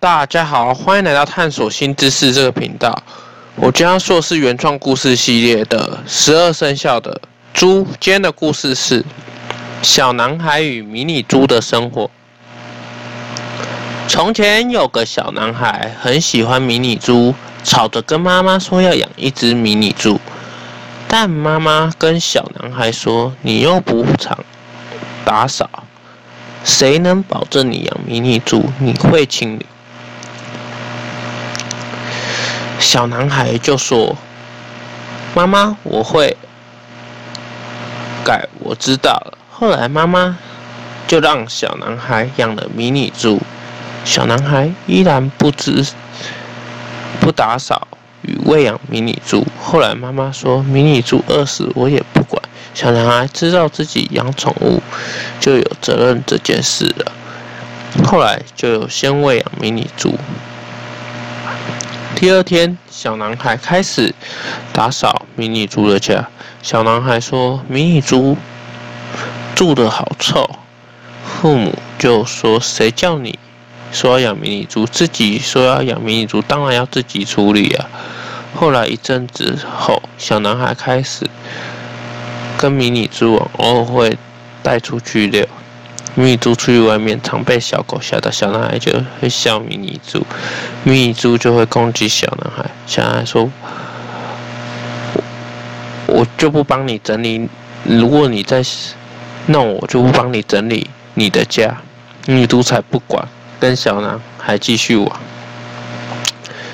大家好，歡迎來到探索新知識這個頻道。我將要說的是原創故事系列的十二生肖的豬，今天的故事是小男孩與迷你豬的生活。從前有個小男孩，很喜歡迷你豬，吵着跟媽媽說要養一隻迷你豬，但媽媽跟小男孩說：“你又不常打掃。”誰能保證你養迷你豬，你會清理？小男孩就說：“媽媽，我會改，我知道了。”後來媽媽就讓小男孩養了迷你豬，小男孩依然不知不打掃與餵養迷你豬。後來媽媽說：“迷你豬餓死我也。”小男孩知道自己養寵物就有責任這件事了，後來就有先餵養迷你豬。第二天，小男孩開始打掃迷你豬的家。小男孩說：“迷你豬住得好臭。”父母就說：“誰叫你說要養迷你豬？自己說要養迷你豬，當然要自己處理啊。”後來一陣子後，小男孩開始。跟迷你豬玩，喔，偶爾會帶出去遛迷你豬。出去外面常被小狗嚇到，小，的小男孩就會笑迷你豬，迷你豬就會攻擊小男孩。小男孩說：“我，我就不幫你整理，如果你再，弄，我就不幫你整理你的家。”迷你豬才不管，跟小男孩繼續玩。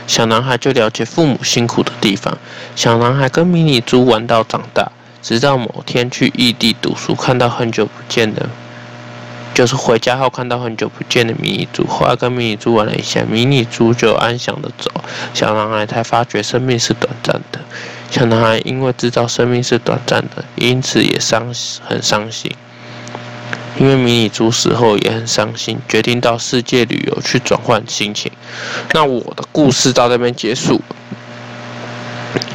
小男孩就了解父母辛苦的地方。小男孩跟迷你豬玩到長大。直到某天去異地讀書，看到很久不見的，就是回家後看到很久不見的迷你豬。後來跟迷你豬玩了一下，迷你豬就安詳的走，小男孩才發覺生命是短暫的。小男孩因為知道生命是短暫的，因此也傷很傷心。因為迷你豬死後也很傷心，決定到世界旅遊去轉換心情。那我的故事到這邊結束。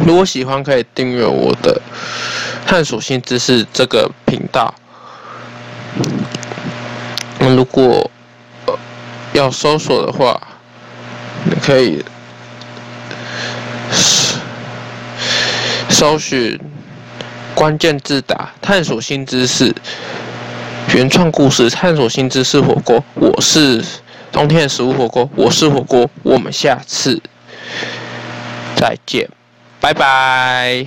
如果喜歡，可以訂閱我的“探索新知識”這個頻道。那如果要搜索的話，你可以搜搜尋關鍵字打“探索新知識”、原創故事、探索新知識火鍋。我是冬天的食物火鍋，我是火鍋，我們下次再見。拜拜。